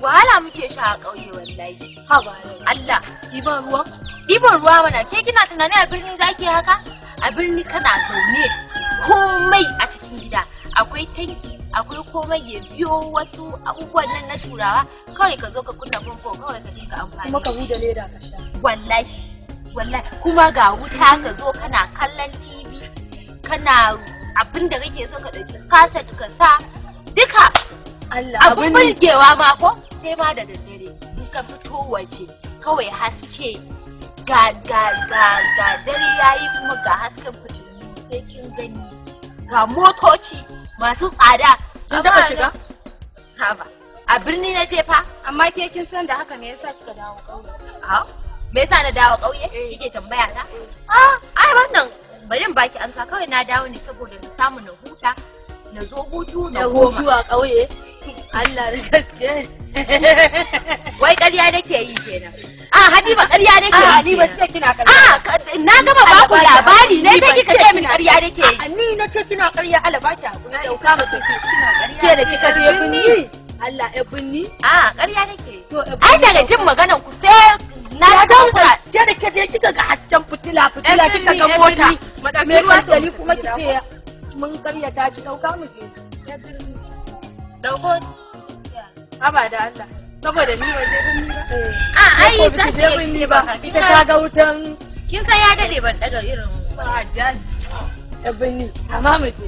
wahala muke sha a ƙauye wallahi Allah ɗiban ruwa ɗiban ruwa mana ke kina tunanin a birni zaki haka a birni kana zaune komai a cikin gida akwai tanki akwai komai ya biyo wasu abubuwan nan na turawa kawai ka zo ka kunna famfo kawai ka je ka amfani kuma ka huda leda ka sha wallahi wallahi kuma ga wuta ka zo kana kallon tv kana abin da kake so ka ɗauki kaset ka sa duka abin burgewa mako sai ma da daddare in ka fito waje kawai haske ga ga ga ga dare yayi kuma ga hasken fitilu sai kin gani ga motoci masu tsada kin taba shiga haba a birni na je fa amma ke kin san da haka me yasa kika dawo ƙauye me yasa na dawo kauye? Eh. kike tambaya na eh. ah ai wannan bari in baki amsa kawai na dawo ne saboda na samu na huta na zo hutu na hutu a ƙauye Allah da gaske wai ƙarya nake yi kenan a habiba ƙarya nake yi ni ce kina ƙarya a na gama ba ku labari ne sai kika ce min ƙarya nake yi ni na ce kina ƙarya ki hakuri da usama ce kina ƙarya ke da kika je binni Allah ya binni a ƙarya nake to ai daga jin maganan ku sai na san kula. ke da kike ga hasken fitila fitila kika ga mota madami ruwa kuma ya. mun karyata ki dauka muke. je dauko haba da Allah saboda ni ba je eh. bin ni ba a ai za ki yi ni ba ita ta ga wutan kin san ya dade ban daga irin ba jaji ta bin ni amma mu je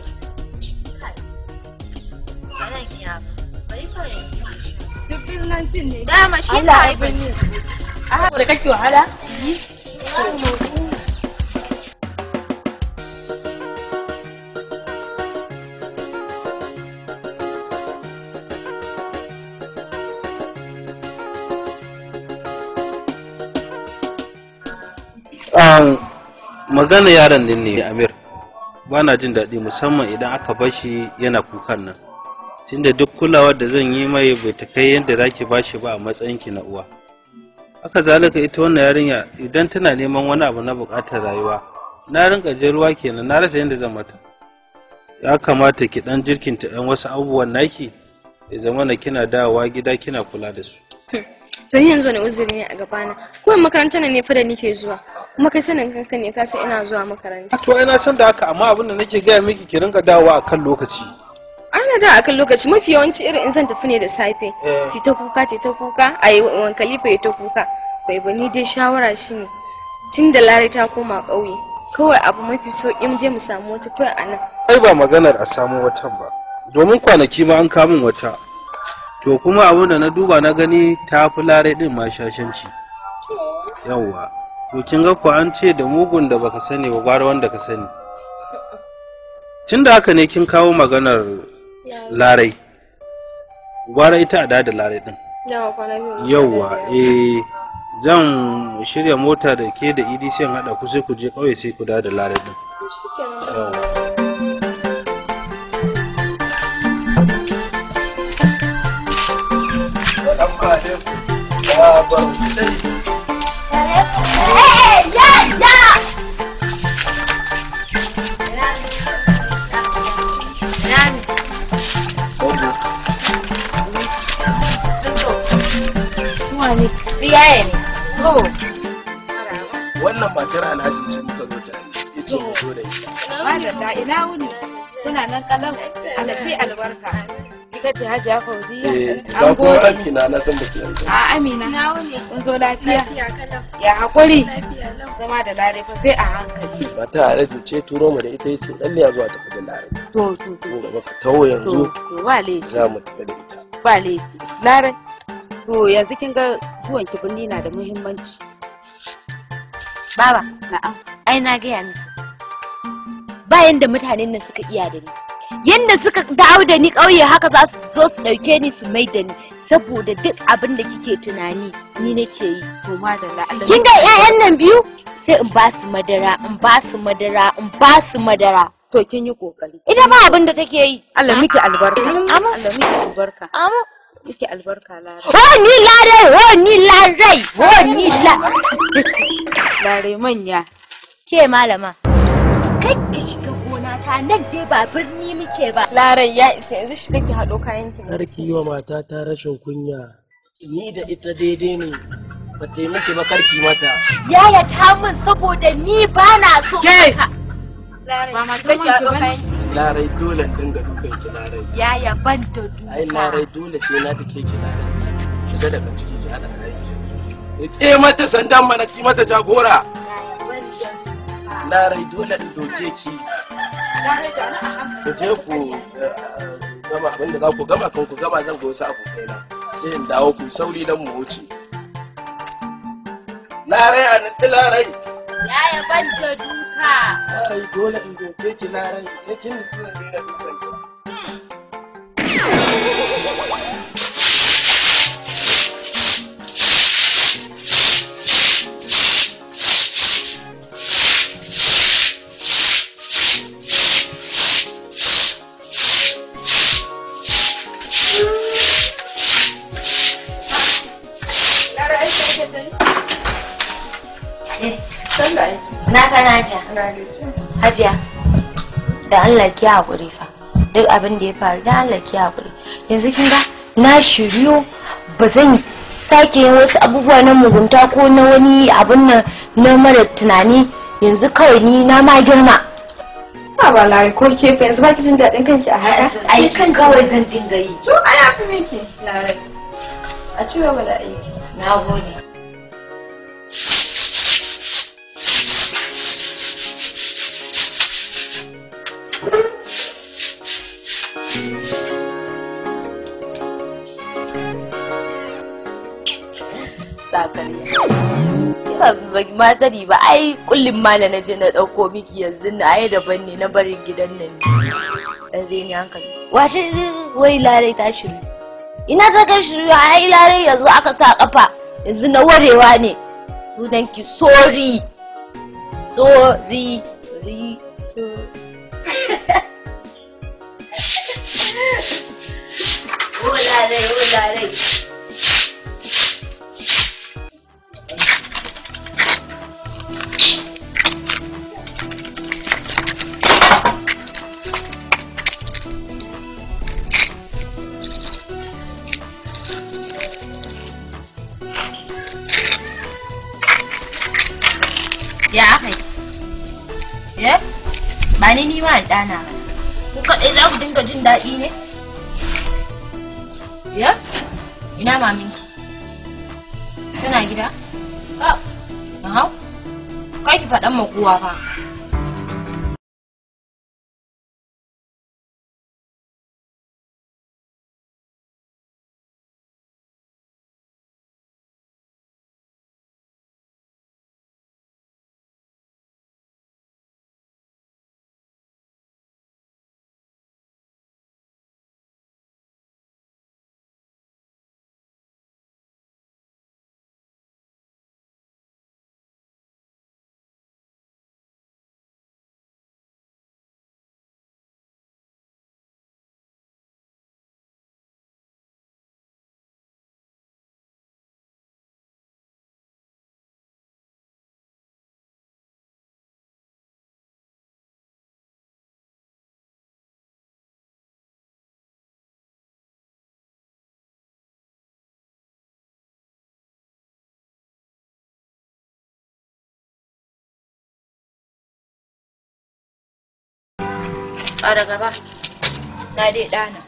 sanan ki ya bari kawai duk birnin cin ne dama shi sa bin ni a da kake wahala yi wannan magana yaron din ne amir ba na jin daɗi musamman idan aka bar shi yana kukan nan tunda duk kulawar da zan yi mai bai ta kai yadda za ki bashi ba a matsayin ki na uwa haka zalika ita wannan yarinya idan tana neman wani abu na buƙatar rayuwa na rinka je ruwa kenan na rasa yadda zan mata ya kamata ki dan jirkinta ɗan wasu abubuwan naki ya zama na kina dawowa gida kina kula da su to yanzu wani uzuri ne a gabana ko makarantar ne fa da nake zuwa kuma kai sanin kanka ne ka ina zuwa makaranta to ina na san da haka amma abin da nake gaya miki ki rinka dawowa akan lokaci ana da akan lokaci mafi yawanci irin in zan tafi ne da safe eh. si ta kuka ta ta kuka a yi wankali bai ta kuka bai ba dai shawara shine, ne tun da lare ta koma ƙauye kawai abu mafi sauƙin je mu samu wata kawai a ai ba maganar a samu watan ba domin kwanaki ma an kamun wata to kuma abin da na duba na gani ta fi larai ɗin ma shashanci yawwa to kin ga ku an ce da mugun da baka sani ba gwara wanda ka sani tun da haka ne kin kawo maganar larai gwara ita a da larai din yawwa eh zan shirya mota da ke da idc e haɗa ku sai ku je ƙauye sai ku da larai din yawwa Wannan matar alhaji ce muka zo ta ya ce mu zo da ita. Madalla ina wuni kuna nan kalam alashe albarka. Ita ce Hajiya Fauziya. Eh, an gode. Amina na san baki yanzu. A Amina. Na wuni. Kun zo lafiya. Ya hakuri. Zama da Lare Larifa sai a hankali. Ba ta Larifa ce turo mu da ita yace lalle ya zuwa ta kudin Lare. To to to. gaba ka tawo yanzu. ba laifi. Za mu tafi da ita. Ba laifi. Lare. To yanzu kin ga zuwan ki binni na da muhimmanci. Baba, na'am. Ai na gaya miki. Bayan da mutanen nan suka iya da ni. yadda suka dawo da ni ƙauye haka za su zo su ɗauke ni su mai da ni saboda duk abin da kike tunani ni nake yi to madalla Allah kin ga ƴaƴan nan biyu sai in ba su madara in ba su madara in ba su madara to kin yi kokari ita ba abin da take yi Allah miki albarka Allah miki albarka amma miki albarka larai ho ni larai ho ni larai ho ni la Lare manya ke malama kai ki mata nan dai ba birni muke ba. Larai ya isa yanzu shi kake haɗo kayan ki. Kar ki yi wa mata ta rashin kunya. Ni da ita daidai ne. Ba ta yi muke ba kar ki mata. Yaya ta min saboda ni ba na so. Ke! Larai, Larai dole in dinga dukan ki larai. Yaya ban da duka. Ai larai dole sai na dake ki larai. Shiga daga ciki ki haɗa kayan ki. Ke mata sandan mana ki mata jagora. larai dole in doke ki ku je ku eh, gama abin da za ku gama kan ku gama zan ga wasu abokaina sai in dawo ku sauri don mu wuce larai a nutsi larai yaya ban da duka larai dole in doke ki larai sai kin nutsi da dukan ki hmm. Hajiya, da Allah ki haƙuri fa. Duk abin da ya faru da Allah ki haƙuri. Yanzu kin ga na shiryo ba zan sake yin wasu abubuwa na mugunta ko na wani abin nan na mara tunani yanzu kawai ni na ma girma. Ba ba lari ko ke kefe yanzu ba ki jin daɗin kanki a haka. Ai kan kawai zan dinga yi. To ai afi miki lari. A ci gaba da aiki. Na gode. ma sani ba ai kullum ma na je na ɗauko miki yanzu na ai daban ne na barin gidan nan ne dan zai ni hankali washe wai larai ta shiru ina ta ga shiru ai larai yanzu aka sa kafa yanzu na warewa ne sunan ki sorry sorry sorry sorry a ni ma a ɗana ku kaɗai za ku dinga jin daɗi ne ya ina mami tana gida na hau kai ki faɗan ma kowa fa a gaba ba na dai ɗana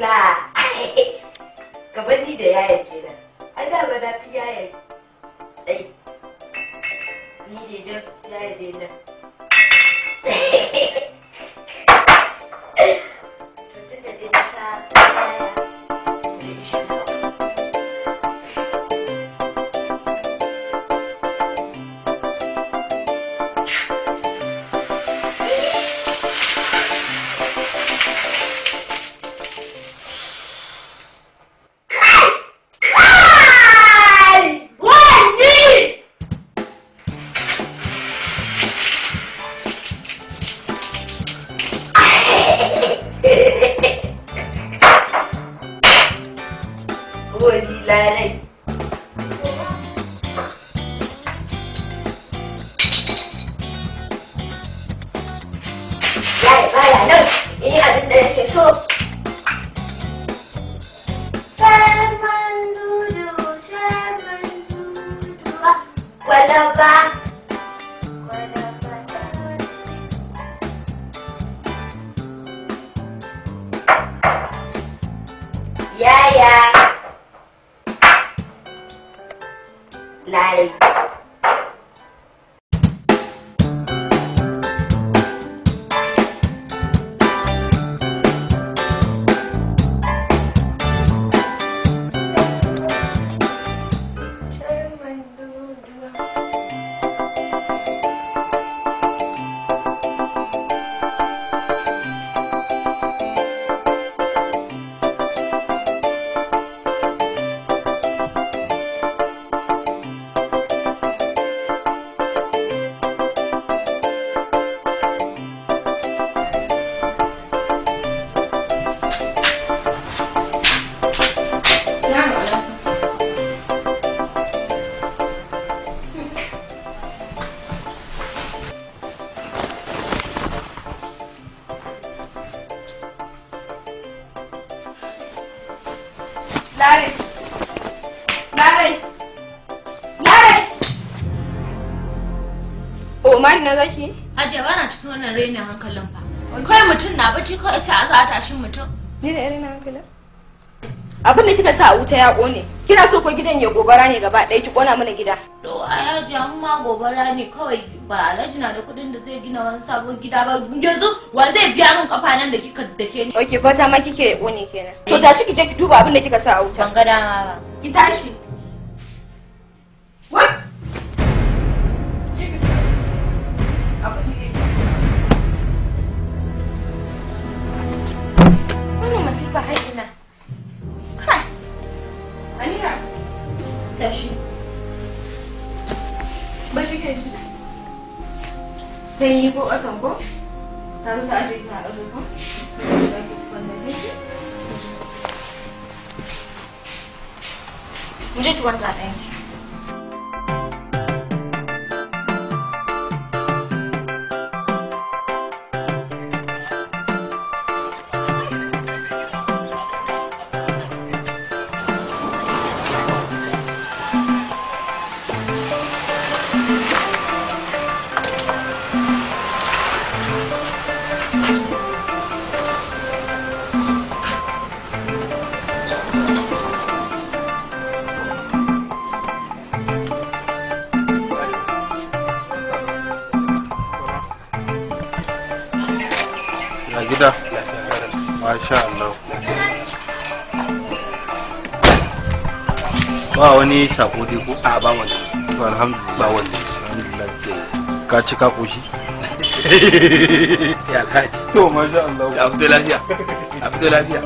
la gaban ni da yaya anxiety sa wuta ya kone kina so ko gidan ya gobara ne gaba ɗaya ki kona mana gida to a yaji an gobara ne kawai ba alhaji na da kuɗin da zai gina wani sabon gida ba yanzu wa zai biya min kafa nan da kika dake ni okay fata ma kike kone kenan to tashi ki je ki duba abin da kika sa a wuta ban ga ki tashi sanyi ko ƙasan ko ta rusa aji na ƙasa ko mu je tuwon ɗaya wani sako dai ko a ba wani to alhamdulillah ba wani alhamdulillah ke ka ci ka koshi ya alhaji to masha Allah ya fito lafiya ya fito lafiya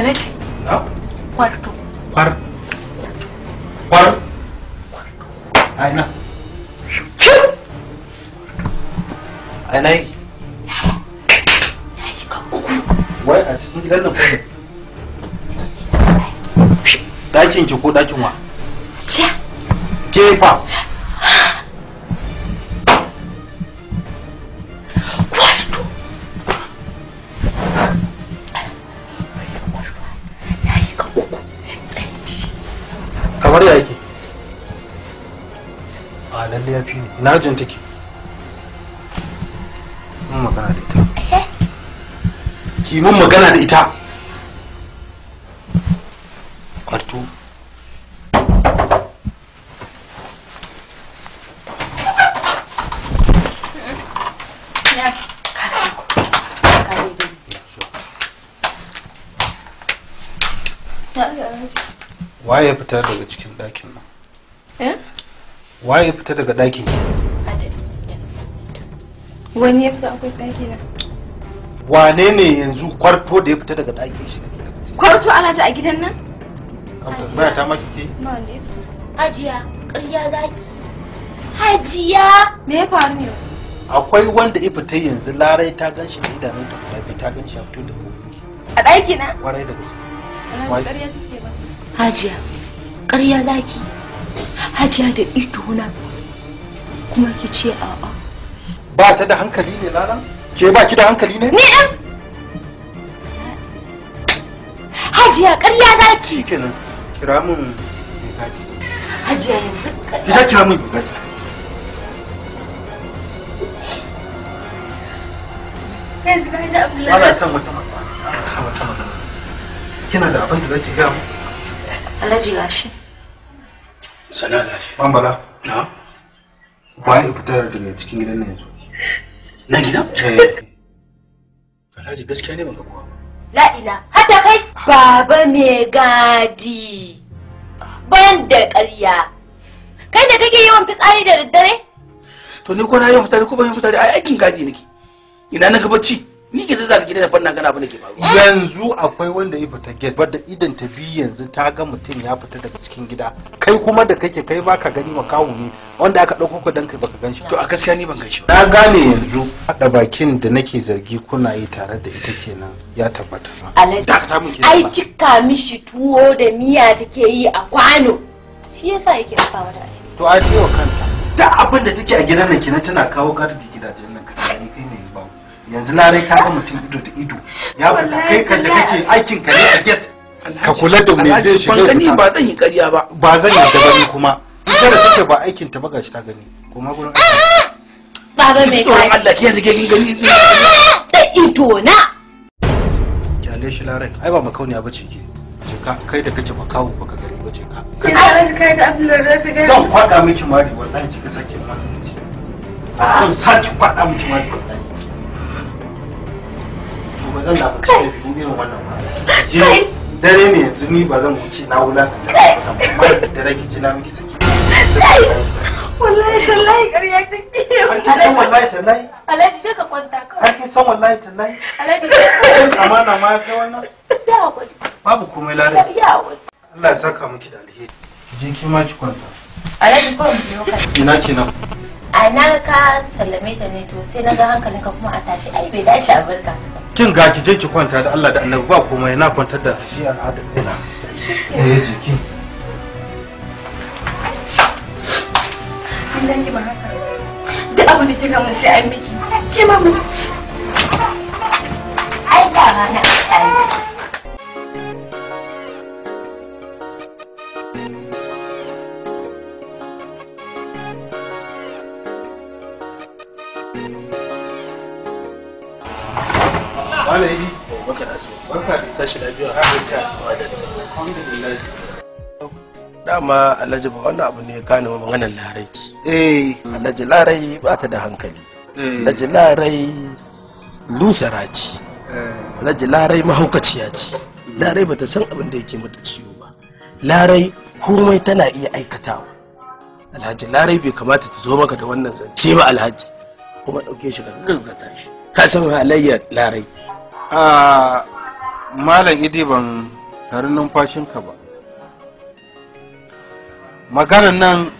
Alhaji. Kwar. Kwar. A ina. A yi. Wai a cikin gidan nan kwanne. Ɗakin ki ko ɗakin wa? najin take mun magana da ita eh? ki mun magana da ita kwarto waye ya fita daga cikin ɗakin nan eh? waye fita daga ɗakin ki wani ya fita akwai ɗaki na wane ne yanzu kwarto da ya fita daga ɗaki shi kwarto ana ji a gidan nan tambaya ta maki ke hajiya ƙarya zaki hajiya me ya faru ne akwai wanda ya fita yanzu larai ta gan shi da idanun ta kula ta gan shi a fito da kofi a ɗaki na kwarai da gaske hajiya ƙarya zaki hajiya da na kuma ki ce a'a ba ta da hankali ne nana ke ba ki da hankali ne ni dan hajiya ƙarya zaki kenan kira min gafi hajiya yanzu ki za kira min gafi yanzu na abdullahi ana son wata magana ana son wata magana kina da abin da zaki ga mu alhaji gashi sana gashi bambala na ba ya fitar daga cikin gidan nan yanzu na gida eh, eh. alhaji gaskiya ne ban ga kowa la'ila hata kai baba me gadi ban da ƙarya kai da kake yawan fitsari da daddare to ni ko na yawan fitsari ko ban yawan fitari ai aikin gadi nake ina na ga ci. ni ke za ka gida na gana abin da ke faru yanzu akwai wanda ya fita gate bar da idan ta bi yanzu ta ga mutum ya fita daga cikin gida kai kuma da kake kai baka gani wa kawo ne wanda aka dauko ka dan kai baka ganshi to a gaskiya ni ban ganshi ba na gane yanzu da bakin da nake zargi kuna yi tare da ita kenan ya tabbata alhaji ai cika mishi tuwo da miya take yi a kwano shi yasa yake rafa mata asiri to a ce wa kanta da abin da take a gidan nan kenan tana kawo gardi yanzu larai ka ga mutum ido da ido ya fita kai ka da kake aikin ka ne a get ka kula da me zai shiga fita ba zan yi ƙarya ba ba zan yi da bari kuma ita da take ba aikin ta ba gashi ta gani kuma gurin aiki baba mai kai Allah ke yanzu ke kin gani da ido na kyale shi larai ai ba makauniya bace ke je ka kai da kake makawo baka gani ba je ka kai da Abdullahi da ta gani zan kwada miki mari wallahi kika sake maka zan sake kwada miki mari wallahi ba zan na fita da biyu irin wannan ba dare ne yanzu ni ba zan wuce na wulakanta ba da dare ki ji na miki saki wallahi tallahi ƙarya take har kin san wallahi tallahi alhaji sai ka kwanta kawai har kin san wallahi tallahi alhaji amana ma kai wannan da hakuri babu komai lare ya Allah ya saka miki da alheri je ki ma ki kwanta alhaji ko biyo ka ina ce nan a na ka sallame ta ne to sai na ga hankalinka kuma a tashi ai bai dace a barka kin ga ki je ki kwanta da Allah da Annabi ba komai na kwantar da shi al'ada kaina eh jiki san ki ba haka da abin da kika mun sai an miki ke ma mutunci ai ai ba na ai dama alhaji ba wannan abu ne gane maganar larai eh alhaji larai ba ta da hankali eh. alhaji larai lusara ce eh. alhaji larai mahaukaciya ce larai ba ta san abin da yake mata ciwo ba larai komai tana iya aikatawa alhaji larai bai kamata ta zo maka da wannan zance ba alhaji kuma ɗauke shi ka gaggata shi ka san halayyar larai ah, malam idi ban tare numfashinka ba maganar nan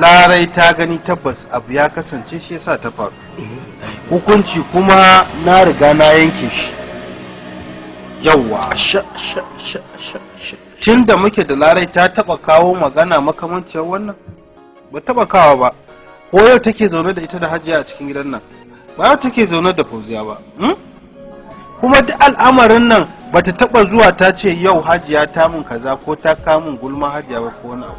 larai ta gani tabbas abu ya kasance shi yasa ta faru hukunci kuma na riga na yanke shi yawwa tun da muke da larai ta taba kawo magana makamanciyar wannan ba taba kawo ba ko yau take zaune da ita da hajiya a cikin gidan nan ba take zaune da fauziya ba hmm? kuma duk al'amarin nan bata taba zuwa ta ce yau hajiya ta mun kaza ko ta kamun gulma hajiya ba ko wani abu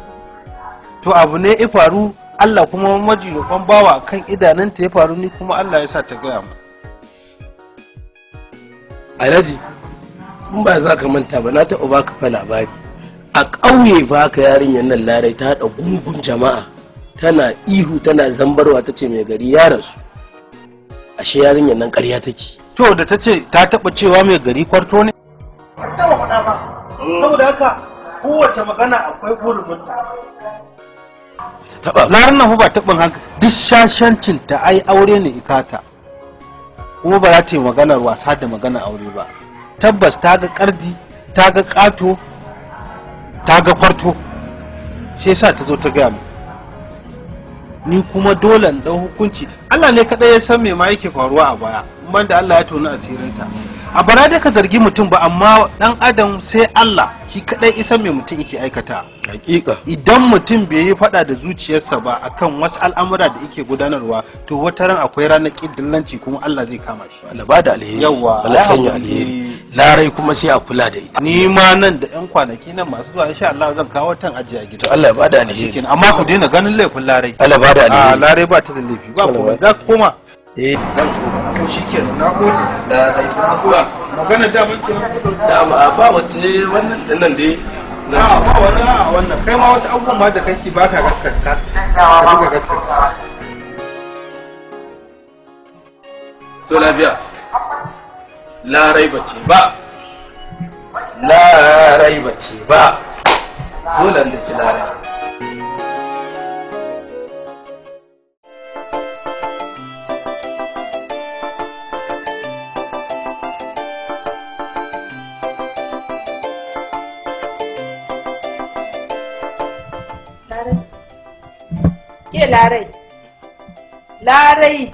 to abu ne ya faru Allah kuma maji roƙon bawa kan idananta ya faru ni kuma Allah ya sa ta gaya mu Alhaji in ba za ka manta ba na taɓa baka fa labari a ƙauye ba ka yarinyar nan larai ta haɗa gungun jama'a tana ihu tana zambarwa ta ce mai gari ya rasu ashe yarinyar nan ƙarya take to da ta ce ta taɓa cewa mai gari kwarto ne? ta saboda haka kowace magana akwai hurumin taɓa larin nan ba taɓin hankali duk shashancin ta ai aure ne ikata kuma ba za ta yi maganar wasa da magana aure ba tabbas ta ga ƙardi ta ga ƙato ta ga kwarto shi yasa ta zo ta gaya mu ni kuma dole na hukunci Allah ne kadai ya san me ma yake faruwa a baya ban da Allah ya tona asirinta a bara da ka zargi mutum ba amma dan adam sai Allah ki kadai isan me mutum yake aikata hakika idan mutum bai yi fada da zuciyarsa ba akan wasu al'amura da yake gudanarwa to wata ran akwai ranar kidillanci kuma Allah zai kama shi Allah ba da alheri yawa Allah sanya alheri larai kuma sai a kula da ita ni ma nan da yan kwanaki nan masu zuwa insha Allah zan kawo tan aje a gida to Allah ba da alheri amma ku daina ganin laifin larai Allah ba da ah, alheri a larai ba ta da laifi ba kuma za ku koma eh zan koma to shikenan na gode da laifin magana da mun kenan da ba wata wannan nan dai na ba wani a wannan kai ma wasu abubuwan ma da kake ba ka gaskata ka duka gaskata to lafiya la ba. ba la ba dole larai larai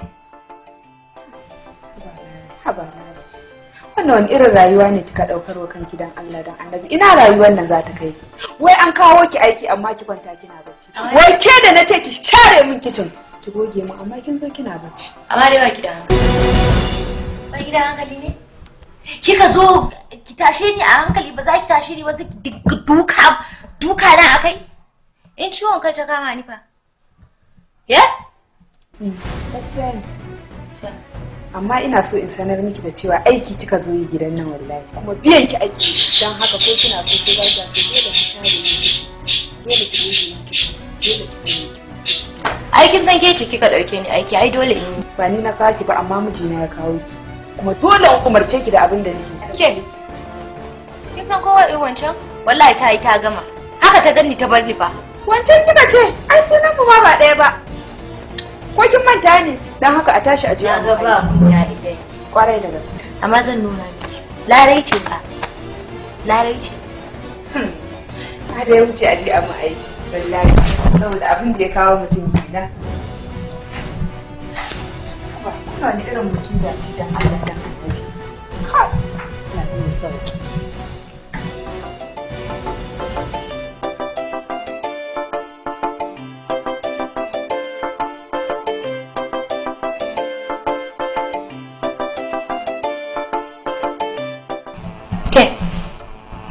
wannan wani irin rayuwa ne kika daukar wa kanki dan Allah dan Annabi ina rayuwar nan za ta kai ki wai an kawo ki aiki amma ki kwanta kina bacci wai ke da ce ki share min kicin ki goge mu amma kin zo kina bacci amma dai ba ki da ba ki da hankali ne kika zo ki tashe ni a hankali ba za ki tashe ni ba zai duka duka na akai in ciwon kai ta kama ni fa Ya? Gaskiya ne. Amma ina so in sanar miki da cewa aiki kika zo yi gidan nan wallahi kuma biyan ki aiki don haka ko kina so ko ba so dole ki share ni. Dole ki yi ki. Dole ki yi Aikin san ke ce kika dauke ni aiki ai dole in. Ba ni na kawo ki ba amma mijina ya kawo ki. Kuma dole in umarce ki da abin da nake. Ke. Kin san kowa irin wancan? Wallahi ta yi ta gama. Haka ta gani ta bar ni fa. Wancan kika ce ai sunan mu ba ba ɗaya ba. ko kin manta ne dan haka a tashi a je a ga ba kunya idan kwarai da gaske amma zan nuna miki larai ce fa larai ce ka hmm. da wuce a je a mu aiki wallahi saboda abin da ya kawo mutum kenan kuna ne irin musiba ce da Allah dan Allah kai na sauki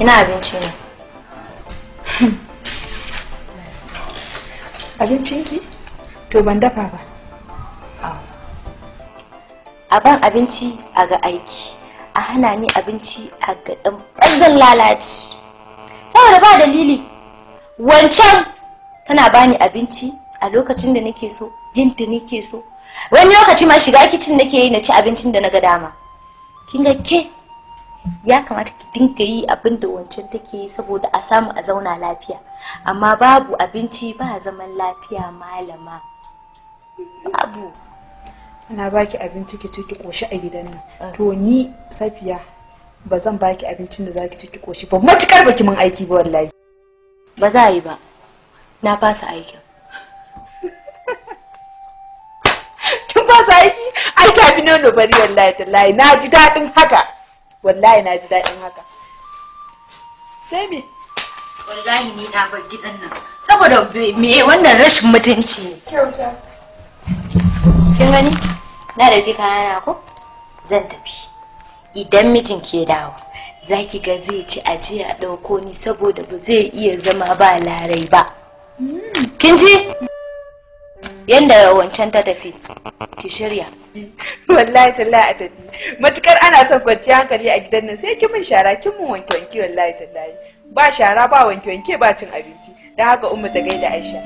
ina abinci ne abincinki to ban dafa ba a ban abinci a ga aiki a hana ni abinci a ga ɗan bazan lalaci saboda ba dalili wancan tana bani abinci a lokacin da nake so yinta nake so wani lokaci ma shiga kicin nake yi na ci abincin da na ga dama kin ga ke ya kamata ki dinga yi abin da wancan take yi saboda a samu a zauna lafiya amma babu abinci ba zaman lafiya malama babu ana baki abinci ki ciki koshi a gidan nan ah. to ni safiya ba zan baki abincin da zaki ki ciki koshi ba matukar baki mun aiki ba wallahi ba za a yi ba na fasa aikin kin fasa aiki ai ta bi nono bari wallahi tallahi na ji daɗin haka wallahi na ji daɗin haka sai me wallahi ni na bar gidan nan saboda me wannan rashin mutunci ne kyauta kin gani na dauki kayana ko zan tafi idan mijin ke dawo za ki ga zai ci aje a ɗauko ni saboda ba zai iya zama ba larai ba hmm. kin ji yanda wancan ta tafi ki shirya wallahi tallahi a tafi matukar ana son kwanciya hankali a gidan nan sai ki mun shara ki min wanke wanke wallahi tallahi ba shara ba wanke wanke ba cin abinci dan haka umma ta gaida Aisha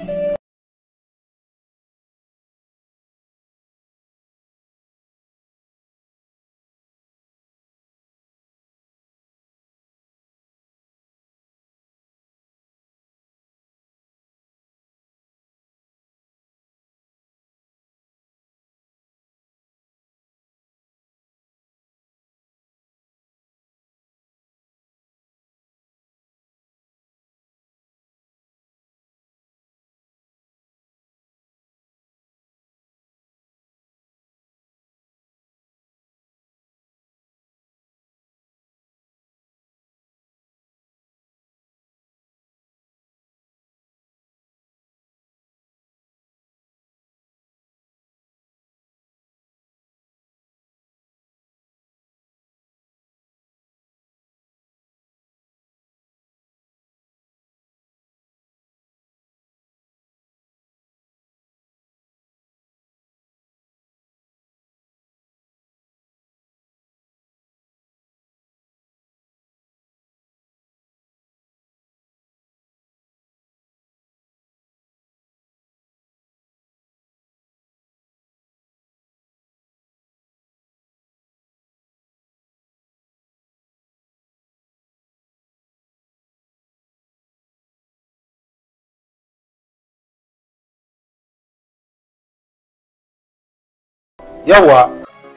yawa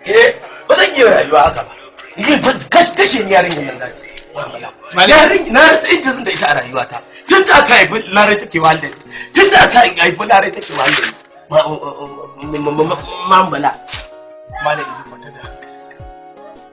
eh ba zan iya rayuwa haka ba yi kashe ni yarin nan zaki yarin na rasa inda zan da ita a rayuwata tun da aka haifi larai take walda tun da aka haifi larai take walda mambala malam ido kwata da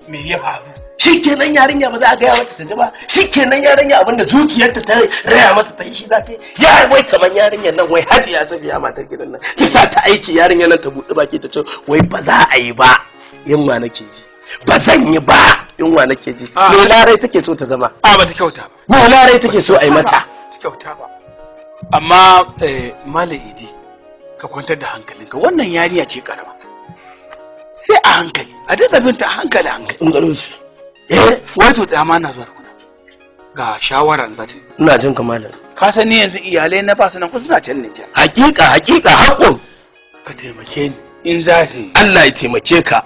me ya faru shikenan yarinya ba za a gaya mata ta ji ba shikenan yarinya abinda zuciyarta ta raya mata ta yi shi za ta yi ya wai kamar yarinyar nan wai haji ya ya matar gidan nan ki sa ta aiki yarinyar nan ta buɗe baki ta ce wai ba za a yi ba in ma nake ji ba zan yi ba in wa nake ji ah. me larai take so ta zama a ah, ba ta kyauta ba me larai take so a yi mata ta kyauta ba amma eh, malam idi ka kwantar da hankalinka wannan yarinya ce karama sai a hankali a dinga binta hankali hankali in garo shi eh wai to dama na zuwa kuna ga shawara za ta ina jin kamalan ka san ni yanzu iyalai na ba su nan suna can ne hakika hakika haƙon ka taimake ni in za ta yi Allah ya taimake ka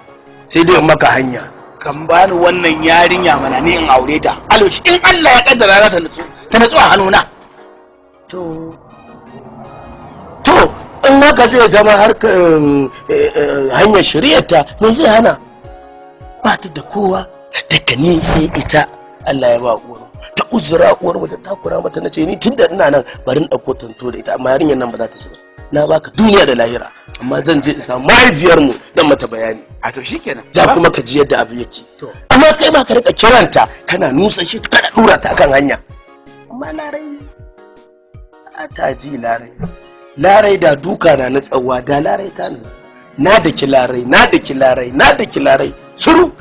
sai dai maka hanya kan bani wannan yarinya mana ni in aure ta alwashi in Allah ya kaddara ta nutsu ta nutsu a hannuna to to in haka zai zama harkar eh, eh, hanyar shari'arta me zai hana ba ta da kowa daga ni sai ita Allah ya ba uwar ta uzura uwar mu takura mata na ce ni tunda ina nan barin in dauko tanto da ita amma yarinyar nan ba za ta ci ba na baka duniya da lahira amma zan je in samu mahaifiyar mu dan mata bayani a to shikenan za kuma ka ji yadda abu yake amma kai ba ka rika kiranta kana nusa shi kana dura ta akan hanya amma larai ta ji larai larai da duka na na tsawa da larai ta na na da ki larai na da ki larai na da ki larai shiru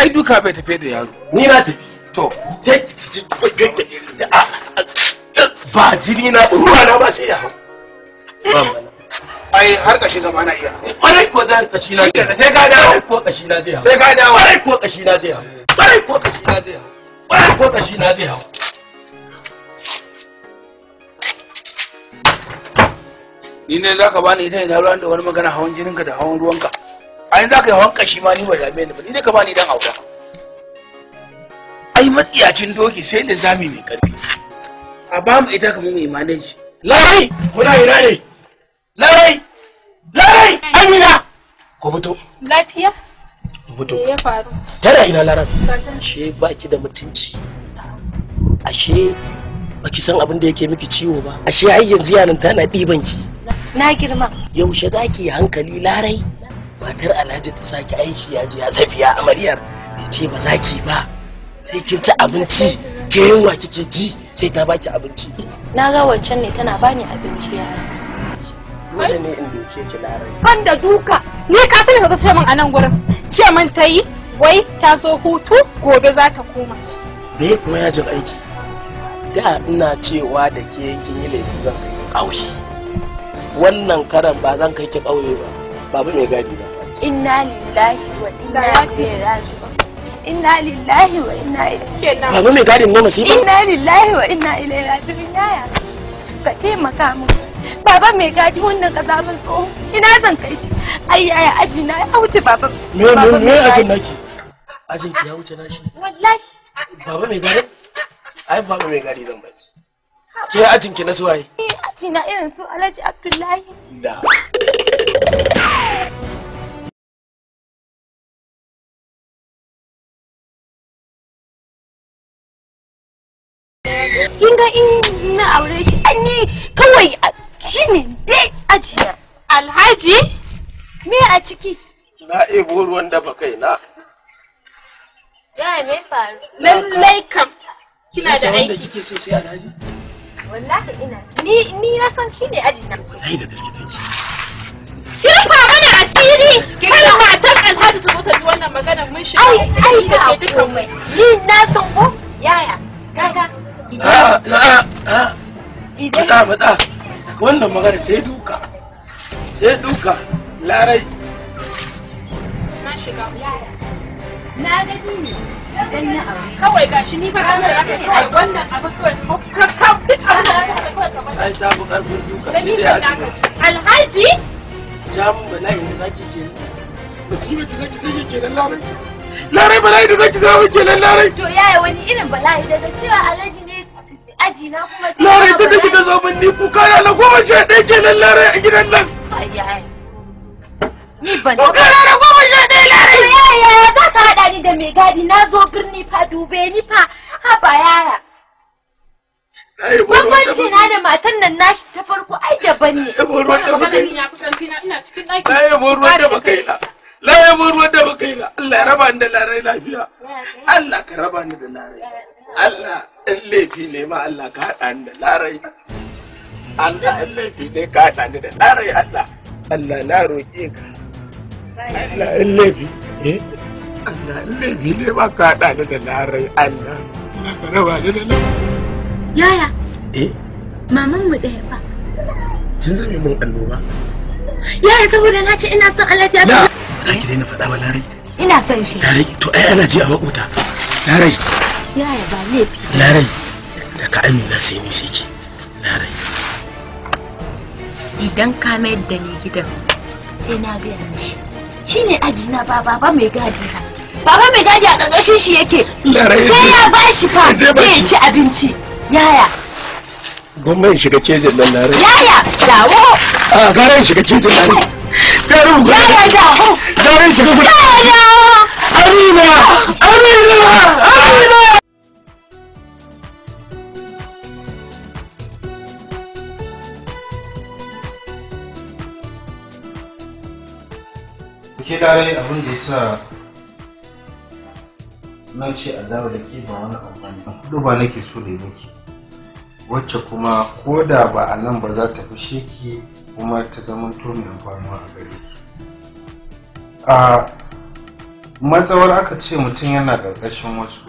ai duka bai tafi da yaro ni na tafi to ba jini na ruwa na ba sai ya hau ai har kashi zama na iya kwarai ko da kashi na je sai ka dawo ko kashi na je sai ka dawo kwarai ko kashi na je hau ko kashi na je hau ko kashi na je ni ne za ka bani idan ya da an da wani magana hawan jininka da hawan ruwanka a za ka yi hawan kashi ma ni ba dame ni ba ni dai ka bani dan auta ai matsiyacin doki sai da zami mai karfi a ba mu ita kamar mai manage larai kuna ina ne larai larai amina ku fito lafiya ku fito ya faru tana ina laran she baki da mutunci ashe baki san abin da yake miki ciwo ba ashe har yanzu yaran tana ɗiban ki na girma yaushe zaki hankali larai matar alhaji ta sake aiki ya je ya safiya amaryar ya ce ba za ki ba sai kin ci abinci ke yunwa kike ji sai ta baki abinci na ga wancan ne tana bani abinci ya dole ne in doke ki larai ban da duka ni ka sani ka zo ce min a nan gurin ce min ta yi wai ta zo hutu gobe za ta koma me kuma yajin aiki da ina cewa da ke kin yi laifin zan kai ƙauye wannan karan ba zan kai ki ƙauye ba babu mai gadi ba inna lillahi wa inna ilaihi raji'un inna lillahi wa inna ilaihi babu mai gadin na masifa inna lillahi wa inna ilaihi raji'un yaya ka taimaka min baba mai gadi wannan kazamin tsoho ina zan kai shi ai yaya aji na ya wuce baba me me me ajin ki? ajin ki ya wuce na shi. wallahi baba mai gadi ai baba mai gadi zan baki ke ajin ki na suwaye ni aji na irin su Alhaji Abdullahi da kin ga in na aure shi an yi kawai shi ne dai ajiya alhaji me a ciki na ebo ruwan dafa kai na ya mai faru lallai kam kina da aiki wanda kike so sai alhaji wallahi ina ni ni na san shi ne aji na ai da gaske take kirfa mana asiri kada matar alhaji ta zo wannan magana mun shiga ai ai da dukan ni na san ko yaya kaga Matsa matsa wannan magana sai duka sai duka larai. Na shiga na gani ne dan na aure. Kawai gashi ni ba ranar da kai ai wannan abin kawai kakkaf duk abin da ka Ai ta bu karfin duka sai dai asibiti. Alhaji ta mun bala'i ne zaki kenan. Basira ki zaki sai nan larai. larai bala'i da zaki samu kenan larai to yaya wani irin bala'i daga cewa alhaji aji na kuma sai lare ta da kika zo ni kuka na na goma sha ɗaya kenan lare a gidan nan ni ban kuka na na goma sha ɗaya lare yaya za ka haɗa ni da mai gadi na zo birni fa dube ni fa haba yaya Bambanci na da matan nan nashi ta farko ai daban ne. yi. Ai, boruwan da baka yi. layabu ruwan da muka yi na Allah raba ni da larai lafiya Allah ka raba ni da larai Allah in laifi ne ma Allah ka haɗa ni da larai Allah in laifi ne ka haɗa ni da larai Allah Allah na roƙe ka Allah in laifi eh? Allah in laifi ne ma ka haɗa ni da larai Allah Allah ka raba ni da larai Yaya eh maman mu ɗaya fa kin zame mun annoba Yaya saboda na ce ina son Allah ya ba za ki daina faɗa wa larai ina son shi larai to ai ana ji a makota larai yaya ba laifi larai da ka amina sai ni sai ki larai idan ka mayar da ni gidan sai na biya mishi ne aji na ba baba mai gadi na baba mai gadi a ƙarƙashin shi yake sai ya ba shi fa zai ci abinci yaya gwamnan shiga kejin nan lare yaya dawo a garin shiga kejin nan jarin mu guda jarin shiga guda amina amina amina ke ce a dawo da ke ba wani amfani ba duba nake so da miki wacce kuma ko da ba a nan ba za ta fi ki kuma ta zama mai amfanuwa a gare a matsawar aka ce mutum yana ƙarƙashin wasu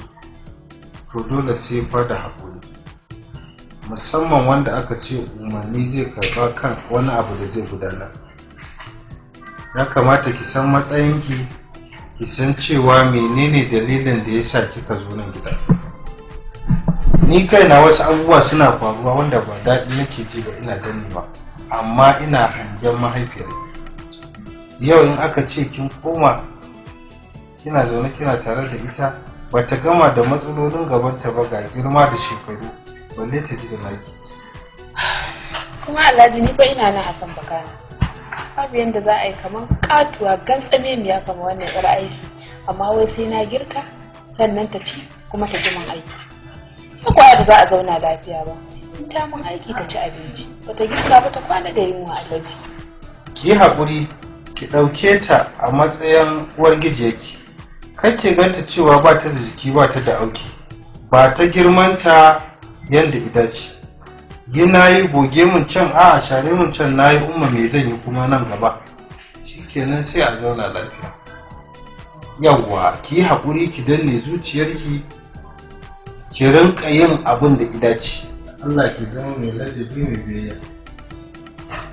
to dole sai fa da haƙuri musamman wanda aka ce umarni zai karɓa kan wani abu da zai gudanar ya kamata ki san matsayinki ki san cewa menene dalilin da ya sa kika zo nan gida ni kaina wasu abubuwa suna faruwa wanda ba daɗi nake ji ba ina gani ba amma ina hangen mahaifiyar yau in aka ce kin koma kina zaune kina tare da ita bata gama da matsalolin gabanta ba ga girma da shekaru balle ta ji da naki kuma alhaji ni fa ina nan akan bakana babu yanda za a yi kamar katuwa ya kama wannan yar aiki amma wai sai na girka sannan ta ci kuma ta ji min aiki ba ba za a zauna lafiya ba in ta mun aiki ta ci abinci ba ta ba ta kwana da yunwa alaji ki haƙuri ki ɗauke ta a matsayin uwar gijiyarki kar ganta cewa ba ta da jiki ba ta da auki ba ta girmanta yadda ita ce Yi na yi goge mun can a share mun can na yi umma mai zan yi kuma nan gaba shikenan sai a zauna lafiya yawwa ki yi haƙuri ki danne zuciyarki ki rinƙa yin abin da ita ce Allah ke zama mai ladabi mai biyayya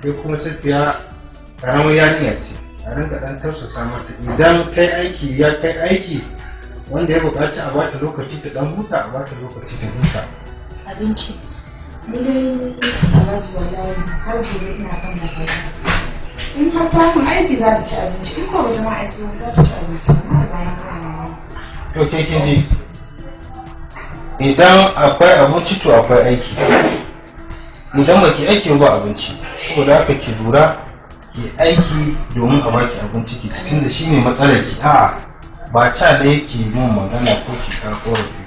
kai kuma safiya karamar yarinya ce a rinka dan tausasa mata idan kai aiki ya kai aiki wanda ya buƙaci a bata lokaci ta dan huta a bata lokaci ta huta abinci alhaji ina kan in har ta kuma aiki za ta ci abinci in ko ba ta ma aiki za ta ci abinci amma da bayan to ke kin ji idan akwai abinci to akwai aiki idan baki aiki ba abinci saboda haka ki lura ki aiki domin a baki abinci ki cikin da shine matsalar ki a'a ba ta da yake mun magana ko ki ka korafi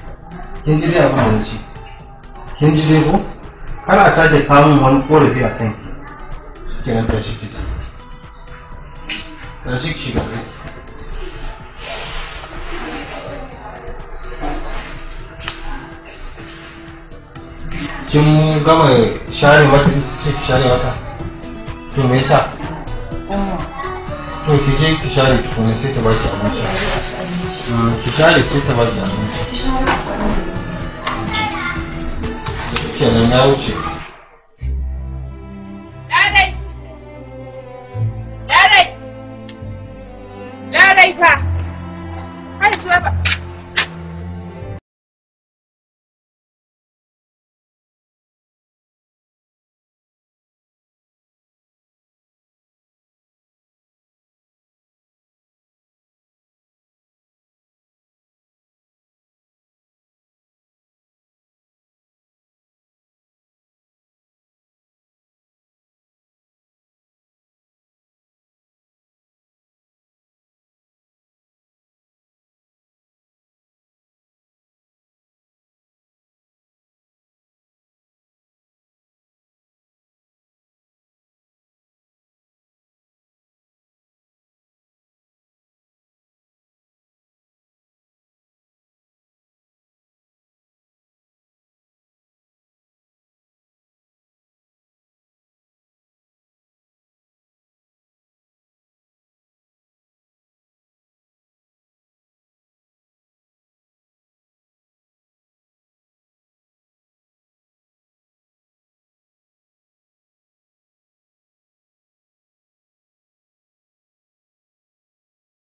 kin ji dai abin da ci kin ji dai ko kana sake kawo wani korafi a kanki kenan tashi ki tashi ki shiga aiki kin gama share mata ki share mata to me yasa to ki je ki share ki sai ta ba shi abinci ah, ki share sai ta ba shi abinci kenan ya wuce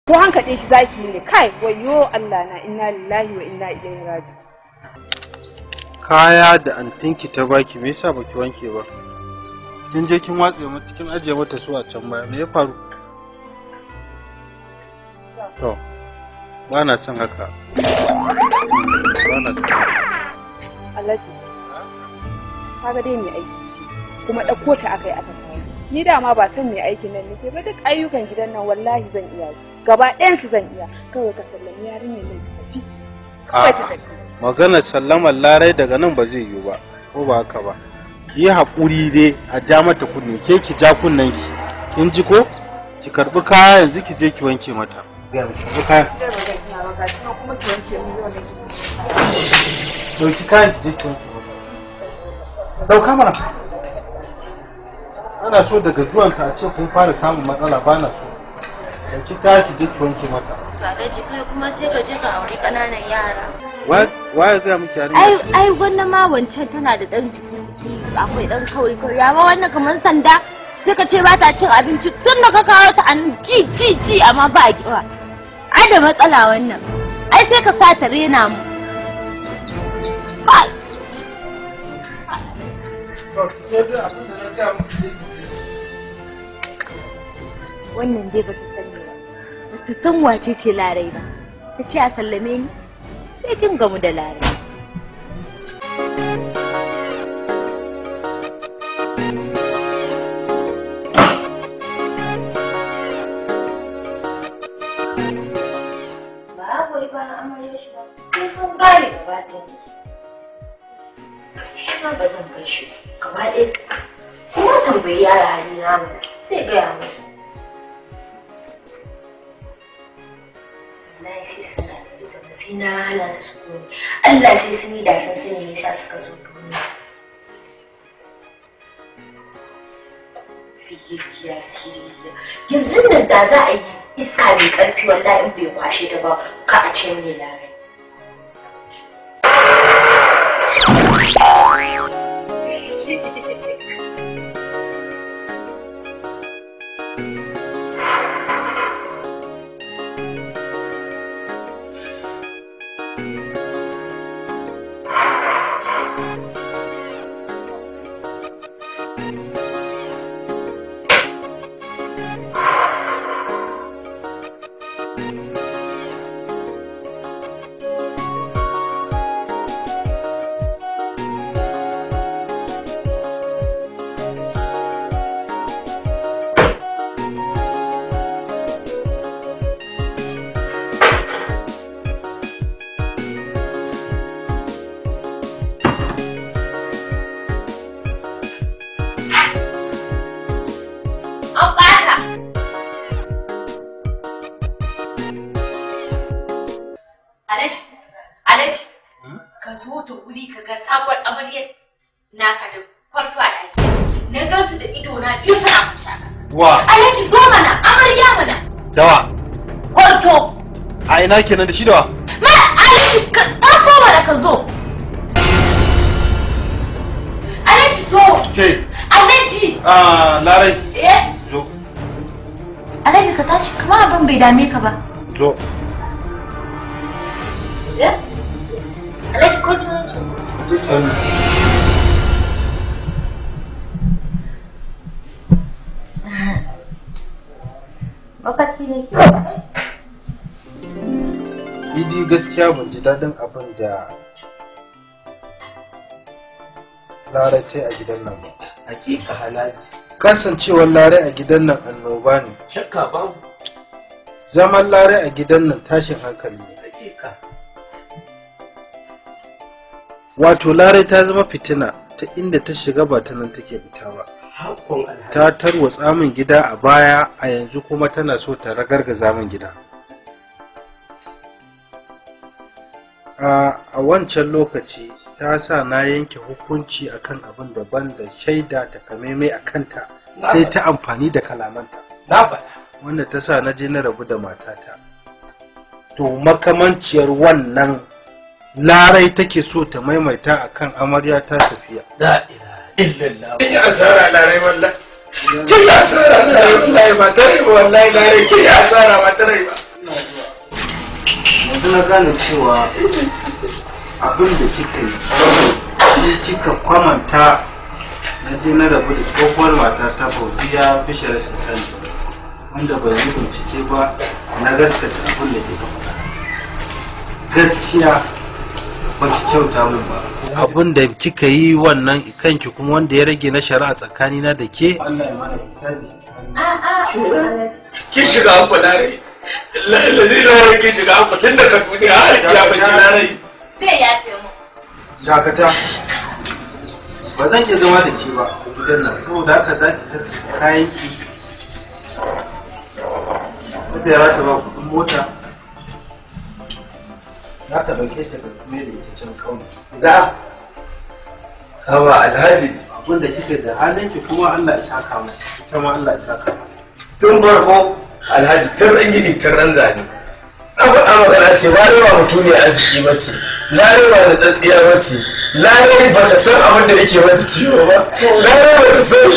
ko hankaɗe shi zaki ne kai wayo Allah na inna lillahi wa inna ilaihi raji kaya da antinki ta baki me yasa baki wanke ba kin je kin watse mu kin ajiye mata su a can baya me ya faru to ba na son haka ba na son haka Alhaji ga dai ne aiki kuma ɗauko ta akai akai ni dama ba san me aikin nan nake ba duk ayyukan gidan nan wallahi zan iya su gaba ɗayan su zan iya kawai ka sallami yarinyar nan ta tafi kawai ta tafi sallamar larai daga nan ba zai yiwu ba ko ba haka ba ki yi haƙuri dai a ja mata kunne ke ki ja kunnen ki kin ji ko ki karɓi kaya yanzu ki je ki wanke mata karɓi kaya ɗauki kayan ki je ki wanke mata ɗauka mana tana so daga zuwan ka ce kun fara samun matsala ba na so dauki kaya ki je ki wanke mata to alhaji kai kuma sai ka je ka auri kananan yara wa ya gaya miki yarinya ai ai wannan ma wancan tana da dan jiki jiki akwai dan kauri kauri amma wannan kamar sanda sai ka ce ba ta cin abinci tun da ka kawo ta an ji ji ji amma ba a kiwa ai da matsala wannan ai sai ka sa ta rena mu Thank you. wannan dai ba ta sani ba ba ta san wace ce larai ba ta ce a sallame ni sai kin gamu da larai ba zan kuma tambayi yara hali namu sai gaya musu wallahi sai sun rayu sai na hana su su Allah sai sun yi dashen sun yi sa suka zo duniya bigiya siriya yanzu nan da za a yi iska mai ƙarfi wallahi in bai kwashe ta ba ka a can ne lare Thank you. ina kenan da shi da wa ma alhaji ka taso mana ka zo alhaji zo ke alhaji ah larai eh zo alhaji ka tashi kamar abin bai dame ka ba zo abin da laratai a gidan nan hakika halali kasancewar lare a gidan nan annoba ne shakka ba zaman Larai a gidan nan tashin hankali ne hakika wato Larai ta zama fitina ta inda ta shiga ba ta nan take fita ba ta tarwatsa min gida a baya a yanzu kuma tana so ta ragargaza min gida a wancan lokaci ta sa na yanke hukunci akan abin daban da shaida takamaimai a kanta sai ta amfani da kalamanta wanda ta sa na je na rabu da matata to makamanciyar wannan larai take so ta maimaita akan amarya ta tafiya la illallah asara larai larai wallahi larai kin asara ba na gane cewa abin da kika yi kika kwamanta na je na rabu da tsohuwar mata ta ya fi bishiyar sani wanda ban yi bincike ba na gaskata abin da kika faɗa gaskiya ba ki kyauta min ba abin da kika yi wannan kanki kuma wanda ya rage na shari'a tsakanina da ke Allah ya mana hisabi kin shiga hakkulare lalazi na rage shiga ku tun da ka tuɗe har ya baki na rai zai ya fi mu dakata ba zan iya zama da ke ba a gidan nan saboda haka za ki tattara kayan ki wadda ya rata ba kuɗin mota za ka ɗauke shi daga kuma da ita can kawai da hawa alhaji abinda kike da halin ki kuma Allah ya saka mu ita ma Allah ya saka mu tun farko alhaji tirran gini tirran zane na faɗa magana ce larewa mutum ne arziki mace larewa da tsatsiya mace larewa ba ta san abin da yake mata ciwo ba larewa ba ta san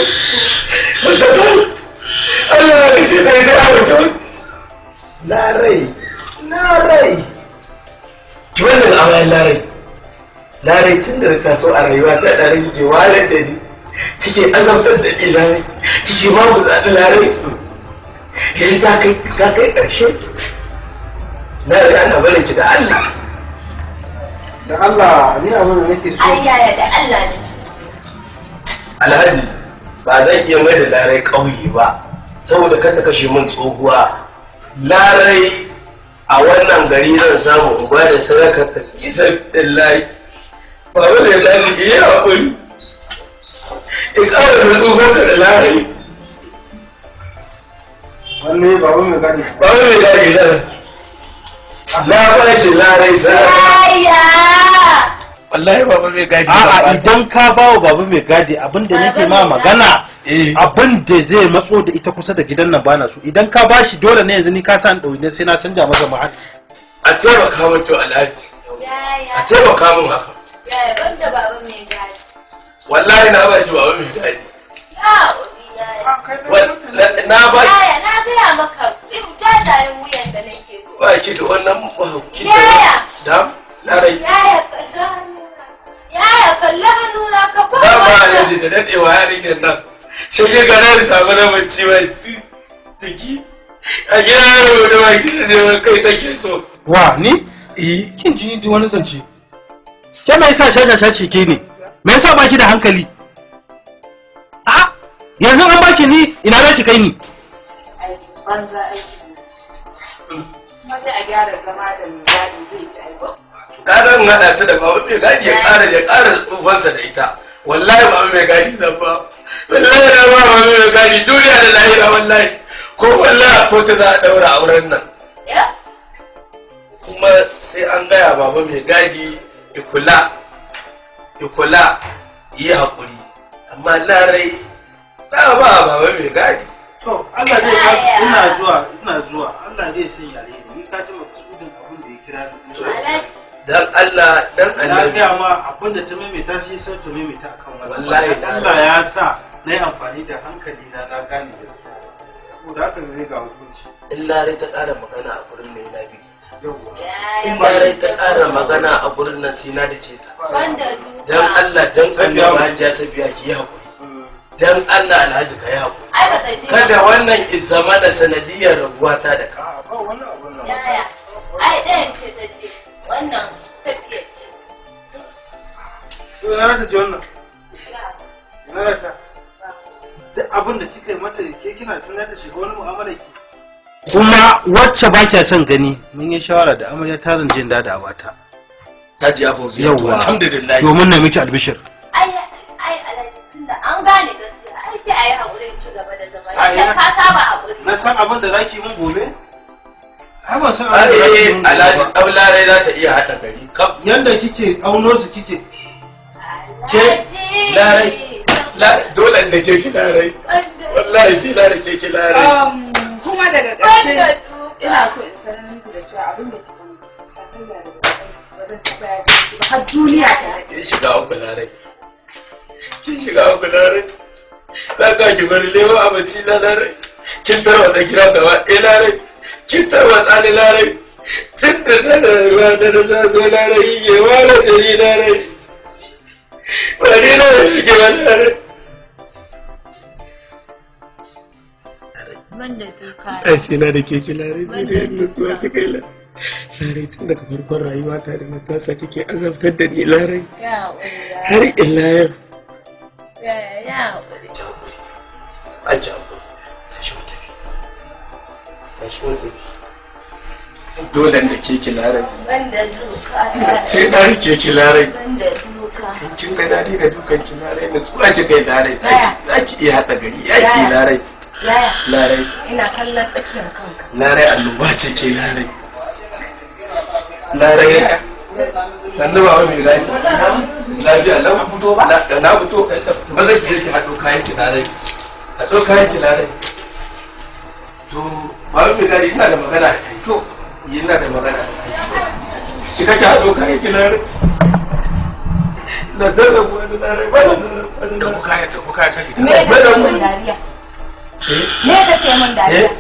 ba ta san Allah na kace sai dai a mutum larai larai ki wannan a larai larai tun da ta so a rayuwa ta ɗare ke walar da ni azabtar da ni larai ba babu zaɗi larai yanzu ta kai ƙarshe na yarda ana barin ki da Allah da Allah ni abin da nake so ai yaya da Allah ne Alhaji ba zan iya mai da larai ƙauye ba saboda ka ta kashe min tsohuwa larai a wannan gari zan samu unguwa da sadaka ta isa billahi ba wanda ya lafi iya hakuri in ƙara da tsohuwa da larai wanne babu mai gadi babu mai gadi da na bashi larai sai wallahi baba mai gadi a'a idan ka bawa baba mai gadi abinda nake ma magana eh. abinda zai matso da ita kusa da gidan nan bana su idan ka bashi dole ne yanzu ni ka san dauki sai na canja masa mahalli a taimaka min to alhaji a taimaka min haka yaya banda baba mai gadi wallahi na bashi baba mai gadi na ba na gaya maka jajayen ki da wannan mahaukin yaya larai yaya yaya kalli ka ba da samu ba a gina yaro da ba kai take so wa ni eh kin ji wani zance ke mai sa ne me yasa baki da hankali yanzu an baki ni ina za ki kai ni banza aiki wanda a gyara zama da mai zai fi aiko haɗa ta da babu mai gadi ya ƙara ya ƙara tsufansa da ita wallahi babu mai gadi da ba wallahi da ba babu mai gadi duniya da lahira wallahi ko wallahi ko ta za a ɗaura auren nan kuma sai an gaya baba mai gadi ikula ikula yi haƙuri amma larai da ba baba mai gadi to Allah dai sa ina zuwa ina zuwa Allah zai san yare ni ka ji maksudin abin da ya kira ni dan Allah dan Allah ya ma abin da ta maimaita shi sai ta maimaita akan wannan wallahi Allah ya sa na yi amfani da hankali na na gane da gaskiya saboda haka zai ga hukunci illa dai ta ƙara magana a gurin mai nabi in ba rai ta ƙara magana a gurin nan sai na da ce ta dan Allah dan Allah ma ji ya sabiya ki yi hakuri dan Allah alhaji ka yaku kada wannan izama da sanadiyar rabuwata da ka ba yaya ai ce ta ce wannan tafiyar ce kuma wacce ba kya son gani mun yi shawara da amarya ta zan jin dada wata ta ji abu zai yawa alhamdulillah domin na miki albishir ai ai alhaji tunda an gane gaskiya ai sai a yi haƙuri ci gaba da zama ai ka saba haƙuri na san abin da zaki mun gobe ai ban san abin da zaki eh, mun alhaji tsaulare za ta iya haɗa gari kam yanda kike auno su kike ke larai larai dole da ke ki larai wallahi sai da ke ki larai um, kuma daga ƙarshe ina so in sanar muku da cewa abin da kika san da ba zan taɓa yaƙi ba har duniya ta haɗe shiga uku larai kin shiga abu rai? za ka ki bari lema a na larai kin tarwatsa gida gaba ɗaya rai? kin tarwatsa ni larai tun da ta da ruwa da da ta zo larai ke wala da ni larai ba Bari na yi ke wala larai ai sai na da keke larai sai da yin zuwa ta kai larai larai tun daga farkon rayuwa ta da na tasa kike azabtar da ni larai har illa yau ya dole da ke ki larai ban duka sai na rike ki larai ban duka kin ga dadi da dukan ki larai na tsuwa ki kai larai za ki iya haɗa gari ya ki larai larai ina kallon tsakiyar kanka larai annoba ce ke larai larai sannu ba wani zai lafiya nan fito ba na fito ba zai je ki haɗo kayan ki larai haɗo kayan ki larai to ba mu gari ina da magana da kai to eh, ina da magana da kai shi kake haɗo kayan ki larai na zarra mu wani larai ba na zarra wani larai da kuka ya tafi kaya kake me da ke mun dariya eh? me da ke mun dariya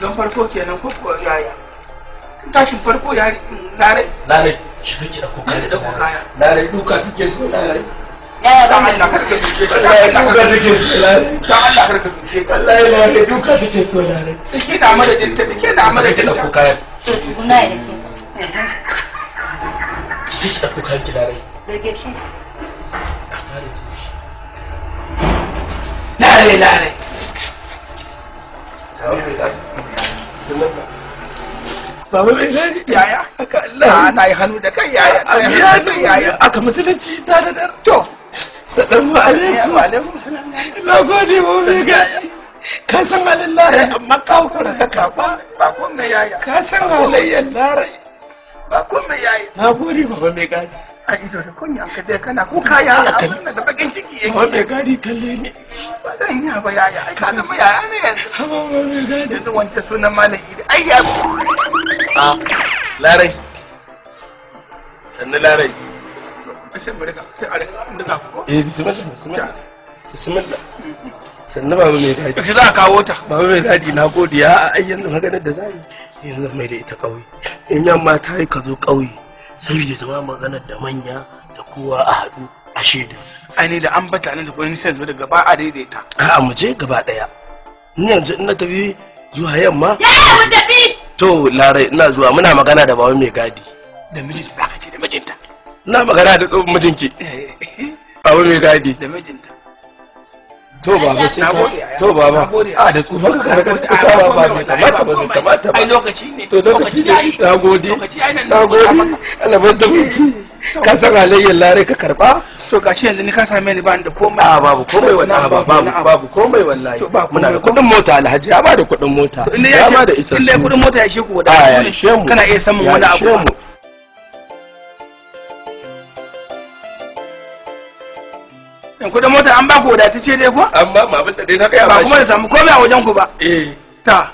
don eh? farko kenan ko yaya tashin farko yare larai larai shiga ki dauko kaya dauko kaya na rai duka kike so na rai dan Allah kar ka duke ta dan Allah duka kike so na rai dan Allah kar ka duke ta wallahi na rai duka kike so na rai kike da madadin ta kike da madadin ta dauko kaya kuna da ke kike dauko kaya ki na rai rage shi na rai na rai Tell me that. It's Baba mai gari. Yaya. Aka Allah. Na yi hannu da kai yaya. Amiya da yaya. Aka musulunci ta da dar. To. Salamu alaikum. Wa alaikum salam. Na gode ba mai gari. Ka san halin larai amma ka hukura ka kafa. Ba ko mai yaya. Ka san halayyar larai. Ba ko mai yaya. Na gode baba mai gari. a ido da kunya ka kana kuka a abin da bakin ciki yake gadi kalle ba zan yi ba yaya ai ka yaya ne yanzu gadi yanzu sunan malam idi ai ya a larai sannu larai sai ka sai a rika ko eh, bismillah bismillah sannu mai gadi shi za a kawo ta mai gadi na godiya a yanzu maganar da zai yanzu mai da ita kauye in yamma ta yi ka zo ƙauye da zama maganar da manya da kowa a haɗu a shaida aini da an bata nan da kuma nisan zo daga ba a daidaita a'a mu je gaba ɗaya ni yanzu ina tafi zuwa yamma yaya mu tafi to larai ina zuwa muna magana da bawa mai gadi da mijinta zaka ce da mijinta ina magana da mijinki eh. bawa mai gadi da mijinta to baba sai ka to baba a ah, da tsufar ka kada ka saba ba ne kamata ba ne kamata ba lokaci ne to lokaci ne na gode na gode Allah bai zumunci ka san halayyar lare ka karba to gashi yanzu ni ka same ni ba da komai a ah, babu komai wallahi ba babu babu komai wallahi muna da kudin mota alhaji ya ba da kudin mota ya ba da isa inda kudin mota ya sheku wadata kana iya samun wani abu in kudin mota an ba ku wadatacce dai ko an ba mu da dai na kai ba kuma da samu komai a wajen ku ba eh ta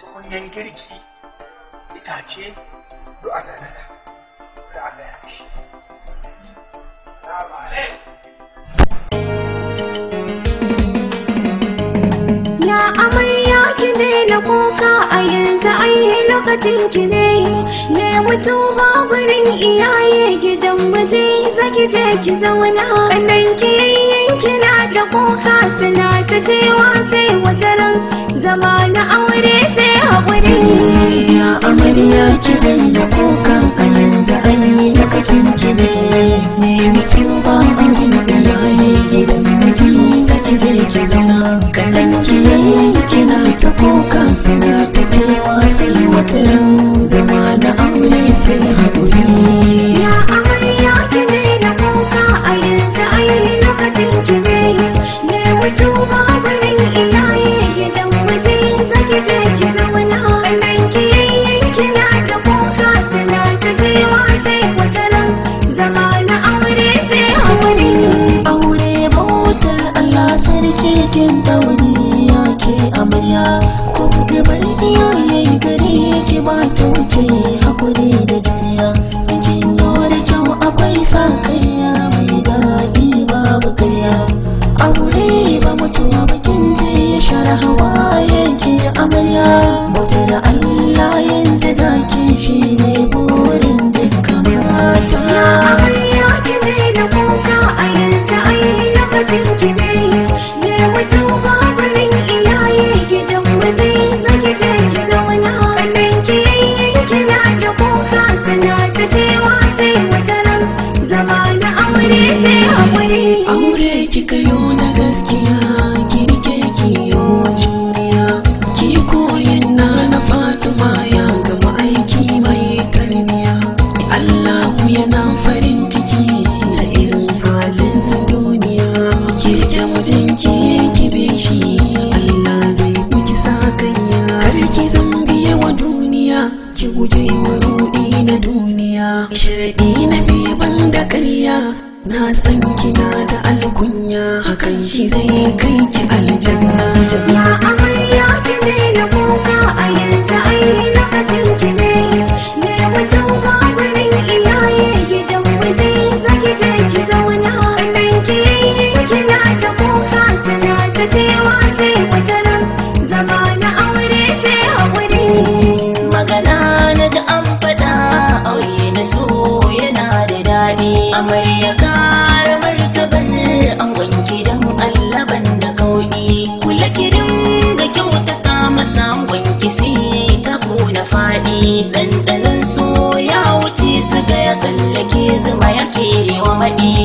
tukunyan girki itace da aka nada da aka yashi ya amai ki na kuka a yanzu ai lokacin ki ne ne mutu babarin iyaye gidan miji zaki je ki zauna annan ki yanki na ta kuka suna ta cewa sai wataran zama na aure sai haƙuri ya amarya ki daina kuka a yanzu ai lokacin ki ne ne mutu babarin iyaye gidan miji zaki je ki zauna kanan kina ta kuka sina ta sai wata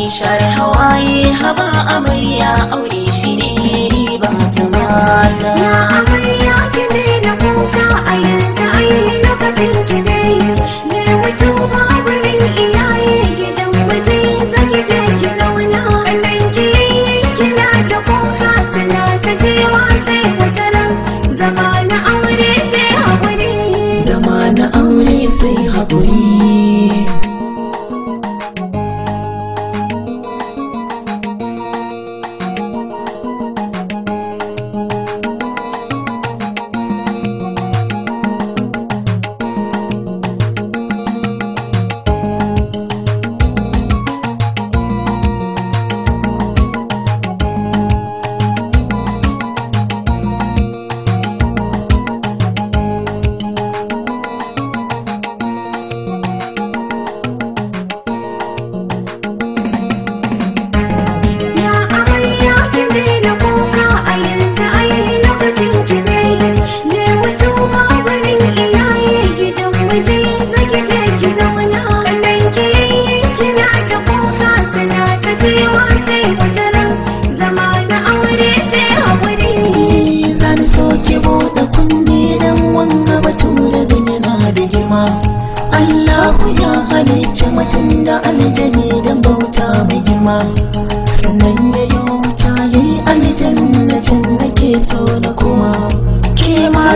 share hawaye haba amarya aure shi ne riba ta mata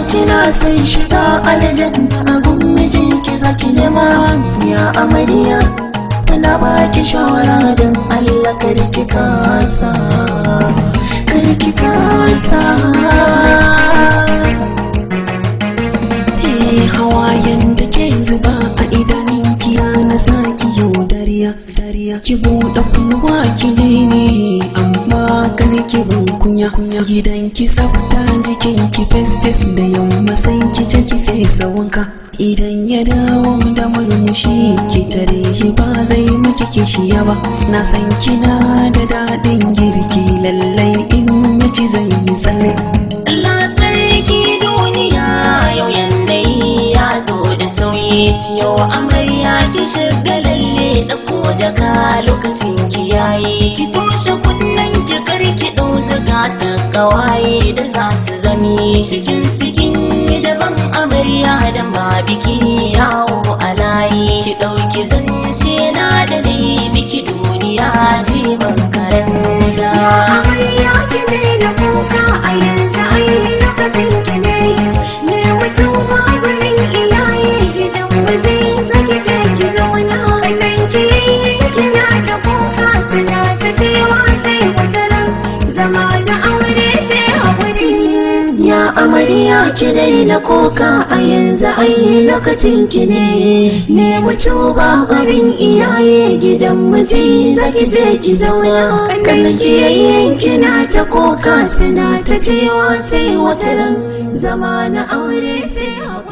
kina sai shiga aljanna a gummijin ki zaki nema ya amaniya na baki shawara don Allah karki kasa karki kasa eh, hawayen da ke zuba a idanun kira na zaki yau dariya ki buɗe kunnuwa ki je ne ganin ki ban kunya gidan ki tsafta jikin ki fes fes da yamma sai ki ce ki fesa wanka idan ya dawo da murmushi ki tare shi ba zai miki kishiya ba na san kina da daɗin girki lallai in ya ci zai yi tsalle Allah sarki duniya yau yanda ya zo da sauyi yau amarya ki shiga ɗauko jaka lokacin ki yayi ki toshe kunnan ki karki ɗau zaga ta kawaye da za su zami cikin sikin daban amarya da ba biki yawo a layi ki ɗauki zance na da ne miki duniya ce ban karanta amarya ki na kuka a yanzu Mariya ki daina koka a yanzu ayi lokacin ki ne nemi ba garin iyaye gidan miji zaki je ki zauna kallon kiyayen kina ta koka suna ta cewa sai wata zama na aure sai haƙuri